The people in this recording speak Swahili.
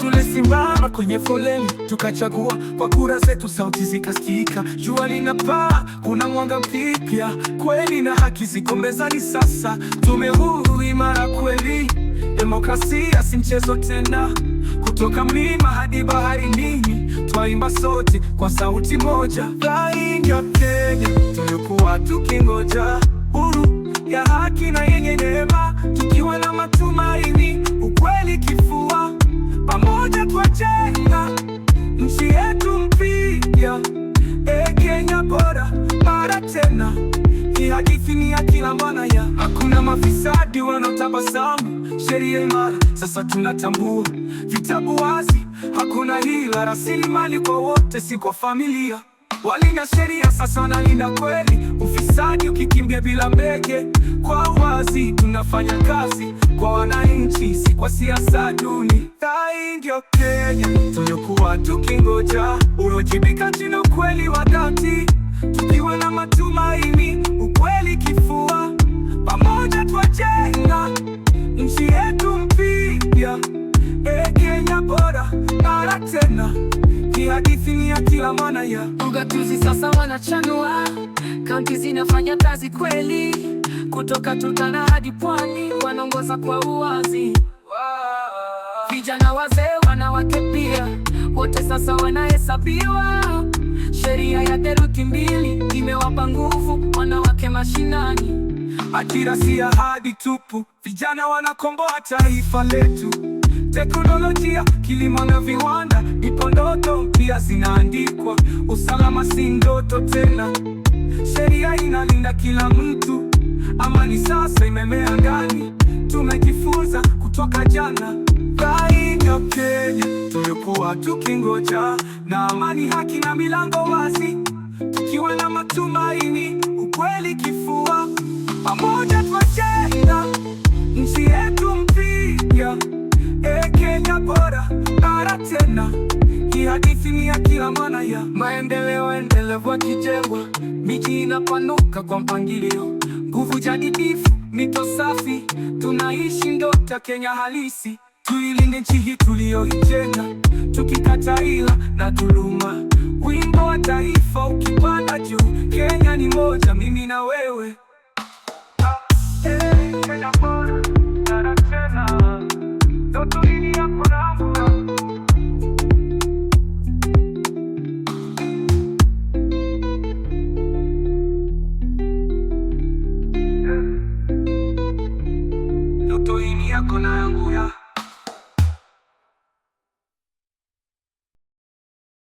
Tulisimama kwenye foleni tukachagua kwa kura zetu, sauti zikasikika. Jua linapaa, kuna mwanga mpya. Kweli na haki ziko mezani sasa. Tume huru imara kweli, demokrasia si mchezo tena. Kutoka mlima hadi bahari, nini twaimba sote kwa sauti moja, flying up Kenya tukingoja huru ya haki na yenye neema, tukiwa na matumaini, ukweli kifua, pamoja twajenga nchi yetu mpya. E Kenya bora, mara tena. Hii hadithi ni ya kila mwana ya hakuna mafisadi wanaotabasamu, sheria imara, sasa tunatambua, vitabu wazi, hakuna hila, rasilimali kwa wote, si kwa familia. Walinda sheria sasa wanalinda kweli ufisadi ukikimbia bila mbege. Kwa wazi tunafanya kazi kwa wananchi, si kwa siasa duni. Hii ndio Kenya tuliokuwa tukingoja, uwajibikaji na ukweli wa dhati, tukiwa na matumaini, ukweli kifua, pamoja twajenga nchi yetu mpya. E Kenya bora, mara tena, hii hadithi ni ya kila maana ya ugatuzi, sasa wanachanua kaunti zinafanya kazi kweli, kutoka Turkana hadi Pwani wanaongoza kwa uwazi. Vijana, wazee, wanawake pia wote sasa wanahesabiwa. Sheria ya theluthi mbili imewapa nguvu wanawake mashinani. Ajira si ahadi tupu, vijana wanakomboa taifa letu. Teknolojia, kilimo na viwanda, ipo ndoto pia zinaandikwa. Usalama si ndoto tena inalinda kila mtu. Amani sasa imemea ndani tumejifunza kutoka jana. Faida Kenya tumekuwa tukingoja, na amani, haki na milango wazi, tukiwa na matumaini, ukweli kifua pamoja chini ya kila mana ya maendeleo endelevu akijengwa miji inapanuka kwa mpangilio, nguvu jadidifu, mito safi, tunaishi ndoto Kenya halisi. Tuilinde nchi hii tuliyoijenga, tukikata ila na tulu to imię konanguja